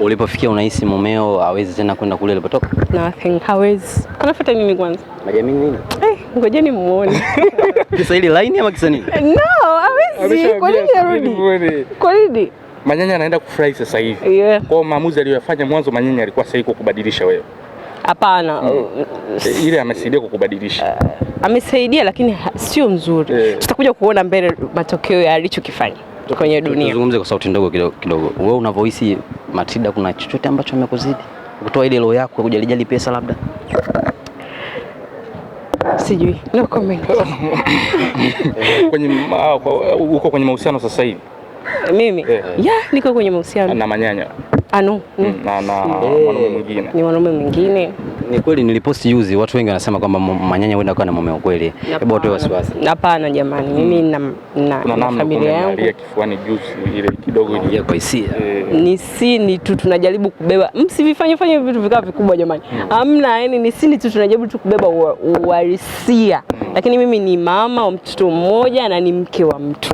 Ulipofikia unahisi mumeo hawezi tena kwenda kule alipotoka? Nothing, hawezi. Anafuata nini kwanza? Anajiamini nini? Eh, ni muone. Kiswahili line ama kisa nini? No, hawezi. Kwa nini arudi? Kwa nini? Manyanya anaenda kufurahi sasa hivi. Yeah. Kwa maamuzi aliyofanya mwanzo Manyanya alikuwa sahihi kwa kubadilisha wewe. Hapana. Mm. Eh, ile amesaidia kukubadilisha. Eh, amesaidia lakini sio mzuri. Tutakuja eh. kuona mbele matokeo ya alichokifanya kwenye dunia. Tuzungumze kwa sauti ndogo kidogo. Wewe unavyohisi Matilda, kuna chochote ambacho amekuzidi kutoa ile roho yako kujalijali pesa labda? Sijui, no comment. Kwenye uko kwenye mahusiano sasa hivi? Mimi yeah, niko kwenye mahusiano na manyanya anu ah, mm, na na mm. mwanaume eh, mwingine ni mwanaume mwingine. Ni kweli niliposti juzi, watu wengi wanasema kwamba manyanya huenda akawa na mume wa kweli. Hebu watoe wasiwasi. Hapana jamani, mimi mm. na familia yangu ile kidogo ile kwa hisia eh. ni sini tu tunajaribu kubeba, msivifanye fanye vitu vikawa vikubwa jamani, hamna. Yani ni sini tu tunajaribu tu kubeba uhalisia, lakini mimi ni mama wa mtoto mmoja na ni mke wa mtu.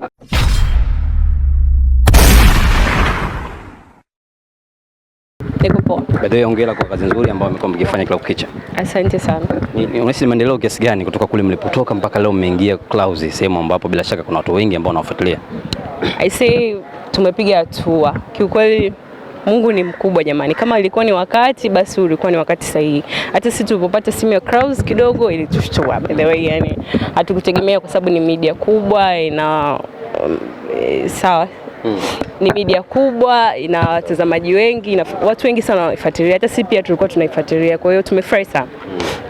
By the way, hongera kwa kazi nzuri ambayo mmekuwa mkifanya kila kukicha. Asante sana. Unahisi maendeleo kiasi gani kutoka kule mlipotoka mpaka leo mmeingia Clouds, sehemu ambapo bila shaka kuna watu wengi ambao wanawafuatilia? I say tumepiga hatua kiukweli. Mungu ni mkubwa jamani, kama ilikuwa ni wakati basi ulikuwa ni wakati sahihi. Hata sisi tulipopata simu ya Clouds kidogo ilitushtua by the way, yani hatukutegemea kwa sababu ni media kubwa ina um, e, sawa ni media kubwa, ina watazamaji wengi, ina watu wengi sana wanaifuatilia, hata sisi pia tulikuwa tunaifuatilia, kwa hiyo tumefurahi sana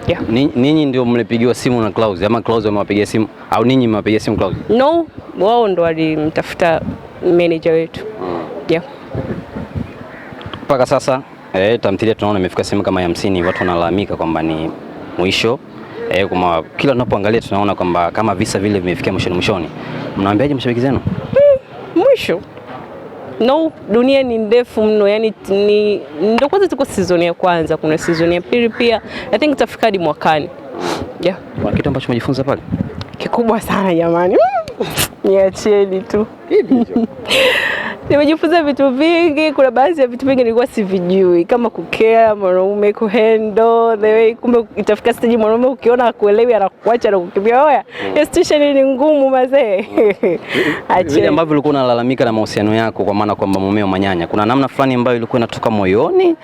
Yeah. Ninyi ndio mlipigiwa simu na Klaus ama Klaus amewapigia simu au ninyi mmewapigia simu Klaus? No, wao ndo walimtafuta manager wetu mm. Yeah. Mpaka sasa eh, tamthilia tunaona imefika sehemu kama hamsini, watu wanalalamika kwamba ni mwisho e, kila tunapoangalia tunaona kwamba kama visa vile vimefikia mwishoni mwishoni. Mnawaambiaje mashabiki zenu? mwisho. No, dunia ni ndefu mno, yani ni ndio kwanza tuko sizoni ya kwanza, kuna sizoni ya pili pia. I think itafika hadi mwakani. Yeah. Kitu ambacho umejifunza pale kikubwa sana jamani. Mm. Niacheni tu. nimejifunza vitu vingi. Kuna baadhi ya vitu vingi nilikuwa sivijui, kama kukea mwanaume, kuhendo the way. Kumbe itafika stage mwanaume ukiona akuelewi, anakuacha na kukimbia. Oya, mm. hiyo situation ni ngumu mazee. Mm. Vile ambavyo ulikuwa unalalamika na mahusiano yako, kwa maana kwamba mumeo manyanya, kuna namna fulani ambayo ilikuwa inatoka moyoni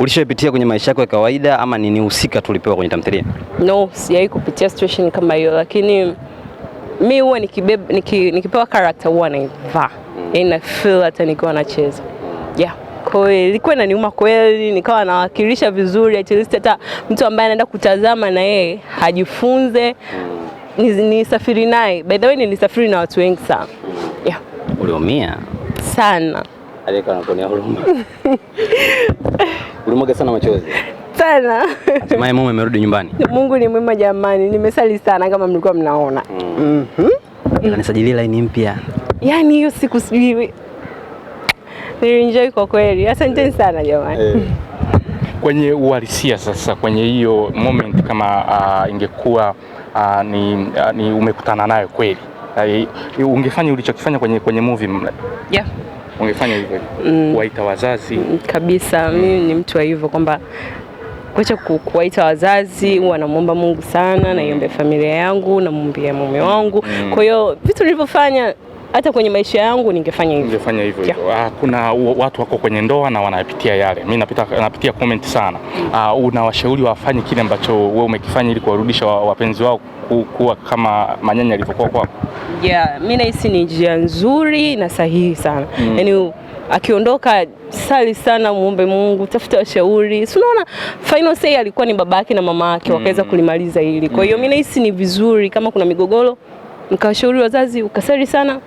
ulishapitia kwenye maisha yako ya kawaida, ama ni tu tulipewa kwenye tamthilia? No, sijawahi kupitia situation kama hiyo, lakini mi huwa nikipewa character huwa naivaa Mm. yaani na feel hata nikiwa nacheza yeah. Kwa hiyo ilikuwa inaniuma kweli, nikawa nawakilisha vizuri, at least hata mtu ambaye anaenda kutazama na yeye hajifunze, mm. nisafiri naye. By the way, nilisafiri na watu wengi sana mm. yeah. Uliumia sana ulimwaga sana machozi sana. Hatimaye mume amerudi nyumbani. Mungu ni mwema jamani, nimesali sana kama mlikuwa mnaona. mm. mm -hmm. Kanisajilia laini mpya yani hiyo siku sijui nilienjoy kwa kweli. Asanteni eh. sana jamani eh. Kwenye uhalisia sasa, kwenye hiyo moment kama uh, ingekuwa uh, ni, uh, ni umekutana nayo kweli uh, ungefanya ulichokifanya kwenye, kwenye movie yeah. Ungefanya hivyo mm. Waita wazazi mm, kabisa mm. Mimi ni mtu wa hivyo kwamba kuacha kuwaita wazazi, huwa namwomba Mungu sana, naiombe familia yangu, namwombea mume wangu mm. Kwa hiyo vitu nilivyofanya hata kwenye maisha yangu ningefanya hivyo. Ningefanya hivyo hivyo. Ah, kuna watu wako kwenye ndoa na wanapitia yale. Mimi napita napitia comment sana. Uh, unawashauri wafanye kile ambacho wewe umekifanya ili kuwarudisha wapenzi wao kuwa kama manyanya alivyokuwa kwako? Yeah, mimi nahisi ni njia nzuri na sahihi sana. Mm. Yaani akiondoka sali sana, muombe Mungu, tafuta washauri. Si unaona final say alikuwa ni babake na mama yake, mm. wakaweza kulimaliza hili. Kwa hiyo mm. mimi nahisi ni vizuri kama kuna migogoro mkawashauri wazazi, ukasali sana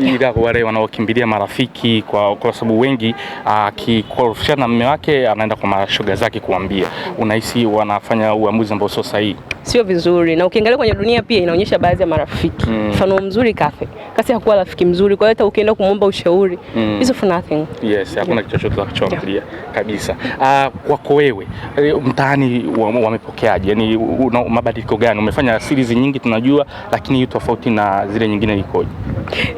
ila wale wanaokimbilia marafiki kwa, kwa sababu wengi ah, akikorofishana na mume wake anaenda kwa mashoga zake kuambia. Unahisi wanafanya uamuzi ambao sio sahihi, sio vizuri, na ukiangalia kwenye dunia pia inaonyesha baadhi ya marafiki mm. mfano mm. mzuri Kafe kasi hakuwa rafiki mzuri, kwa hiyo hata ukienda kumwomba ushauri mm. is for nothing. Yes, hakuna kitu chochote anachoangalia yeah. kabisa. Uh, kwako wewe eh, mtaani wamepokeaje? Yani mabadiliko gani? Umefanya series nyingi tunajua, lakini hii tofauti na zile nyingine ikoje?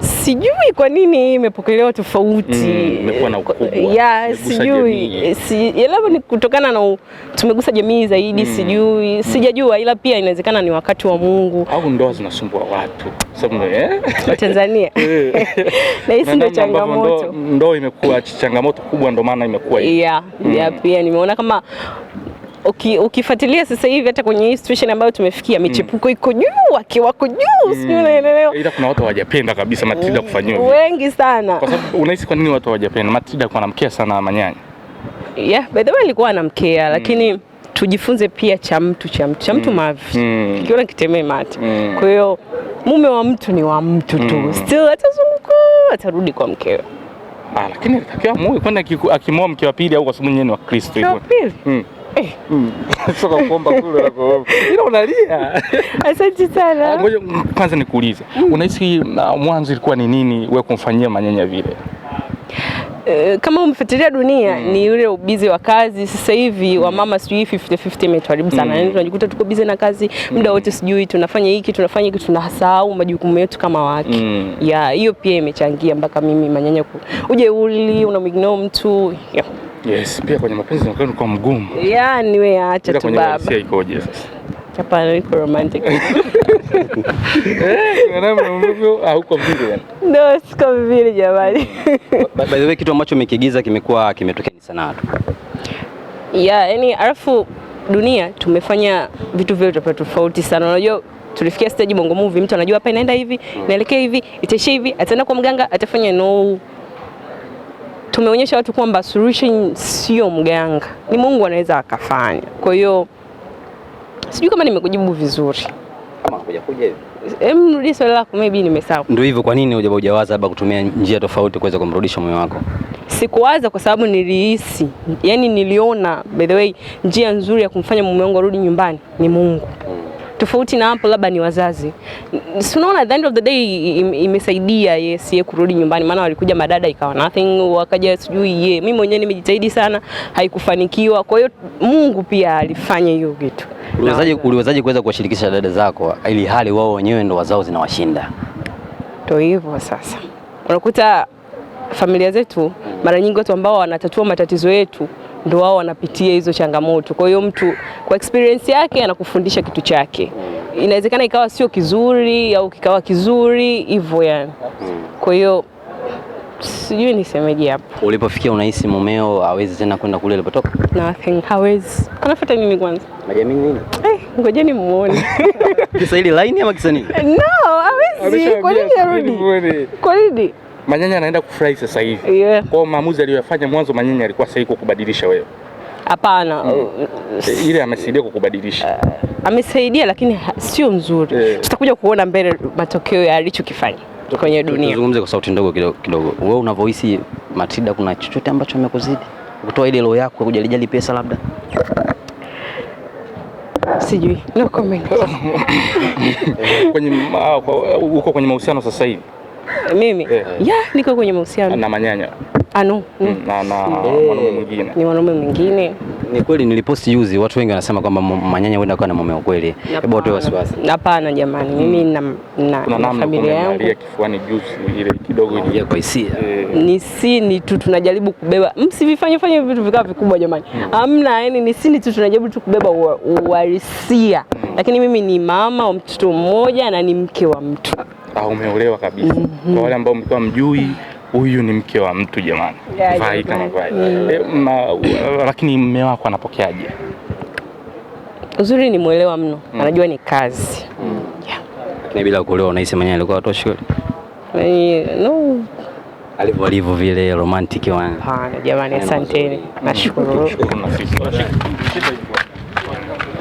Sijui kwa nini imepokelewa tofauti. Mm, imekuwa na ukubwa. Ya, sijui. Si labda ni kutokana na tumegusa jamii zaidi, mm. sijui. Mm. Sijajua ila pia inawezekana ni wakati wa Mungu. Au ndoa zinasumbua watu. eh? Tanzania. Eh. Na hii ndio changamoto. Ndoa imekuwa changamoto kubwa ndio maana imekuwa mm, yeah, pia nimeona kama uki, ukifuatilia sasa hivi hata kwenye hii situation ambayo tumefikia hmm. michepuko mm. iko juu, akiwako juu mm. sio unaelewa. Ila kuna watu hawajapenda kabisa Matilda hmm. kufanyiwa mm. Wengi sana. Kwa sababu unahisi kwa nini watu hawajapenda? Matilda kwa namkea sana Manyanya. Yeah, by the way alikuwa anamkea mm. lakini tujifunze pia cha mtu cha mtu cha mtu hmm. mavi mm. kiona kitemee mate mm. kwa hiyo mume wa mtu ni wa mtu tu mm. still atazunguka atarudi kwa mkewe. Ah, lakini alitakiwa muwe kwenda akimwoa mke wa pili au kwa sababu nyenye ni wa Kristo hivyo. Soka eh. kuomba kule na kuomba. Ila unalia. Asante sana. Ah, ngoja kwanza nikuulize. Mm. Unahisi ah, mwanzo ilikuwa ni nini wewe kumfanyia Manyanya vile? Eh, kama umefuatilia dunia mm. ni ule ubizi wa kazi sasa hivi mm. wa mama sijui 50 50 imetuharibu sana. mm. Yaani tunajikuta tuko bizi na kazi muda mm. wote, sijui tunafanya hiki tunafanya hiki, tunasahau majukumu yetu kama wake mm. ya hiyo pia imechangia mpaka mimi Manyanya ku... ujeuli unamignore mtu yeah. Yes, pia kwenye mapenzi ni kwa mgumu. Yaani wewe acha tu baba. Sasa ikoje sasa? Hapana, niko romantic. Eh, au kwa ah, vile. No, siko vile jamani. By the way, kitu ambacho umekiigiza kimekuwa kimetokea ni sanaa tu. Yeah, yani alafu dunia tumefanya vitu vile tofauti sana. Unajua tulifikia stage Bongo Movie, mtu anajua hapa inaenda hivi, inaelekea hivi, itaishia hivi, ataenda kwa mganga, atafanya no tumeonyesha watu kwamba solution sio mganga, ni Mungu anaweza akafanya. Kwa hiyo sijui kama nimekujibu vizuri. Mrudie swali lako, maybe nimesahau. Ndio hivyo. Kwa nini hujawaza labda kutumia njia tofauti kuweza kumrudisha mume wako? Sikuwaza kwa sababu nilihisi, yani niliona by the way, njia nzuri ya kumfanya mume wangu arudi nyumbani ni Mungu. Mm tofauti na hapo labda ni wazazi. Si unaona, at the end of the day imesaidia yes yeye kurudi nyumbani, maana walikuja madada ikawa nothing, wakaja sijui ye. Mimi mwenyewe nimejitahidi sana haikufanikiwa, kwa hiyo Mungu pia alifanya hiyo kitu. Uliwezaje, uliwezaje kuweza kuwashirikisha dada zako ili hali wao wenyewe ndo wazao zinawashinda? Ndio hivyo sasa, unakuta familia zetu mara nyingi watu ambao wanatatua matatizo yetu ndio wao wanapitia hizo changamoto. Kwa hiyo mtu kwa experience yake anakufundisha kitu chake, inawezekana ikawa sio kizuri au kikawa kizuri hivyo yani. Kwa hiyo sijui nisemeje hapo. Ulipofikia unahisi mumeo hawezi tena kwenda kule alipotoka? Nothing, hawezi. Anafuata nini kwanza? Najiamini nini? Eh, ni muone. Kiswahili line ama kisa nini? No, hawezi. Kwa nini arudi? Kwa nini? Manyanya anaenda kufurahi sasa hivi. Yeah. Kwa hiyo maamuzi aliyoyafanya mwanzo Manyanya alikuwa sahihi kwa kubadilisha wewe. Hapana. Mm. Ile amesaidia kukubadilisha. Uh, amesaidia lakini sio mzuri. Yeah. Tutakuja kuona mbele matokeo ya alichokifanya kwenye dunia. Tuzungumze kwa sauti ndogo kidogo kidogo. Wewe unavyohisi Matilda, kuna chochote ambacho amekuzidi kutoa ile roho yako kujalijali pesa labda? Sijui. No comment. Kwenye ah, uko kwenye mahusiano sasa hivi Eh, mimi yeah. Eh, eh. Yeah, niko kwenye mahusiano na manyanya anu ah, mm, mm. na na mm. mwanaume mwingine, ni mwanaume mwingine. Ni kweli niliposti juzi, watu wengi wanasema kwamba manyanya huenda akawa na mume wa kweli. Hebu watoe wasiwasi. Hapana jamani, mimi na na familia yangu kifuani juzi ile kidogo ile kwa hisia ni sini tu tunajaribu kubeba, msivifanye fanye vitu vikawa vikubwa jamani, hamna. Yani ni sini tu tunajaribu tu kubeba uhalisia, lakini mimi ni mama wa mtoto mmoja na ni mke wa mtu ah, umeolewa kabisa. mm -hmm. Kwa wale ambao mlikuwa mjui huyu ni mke wa mtu jamani, yaani, vai yaani. kama vai. Mm. Eh, lakini mme wako anapokeaje? Uzuri ni mwelewa mno, mm. anajua ni kazi. Mm. yeah. bila kuolewa unahisi mwenyewe alikuwa atoshi kweli? No, alivyo alivyo vile romantic wangu. Hapana jamani, asanteni, nashukuru.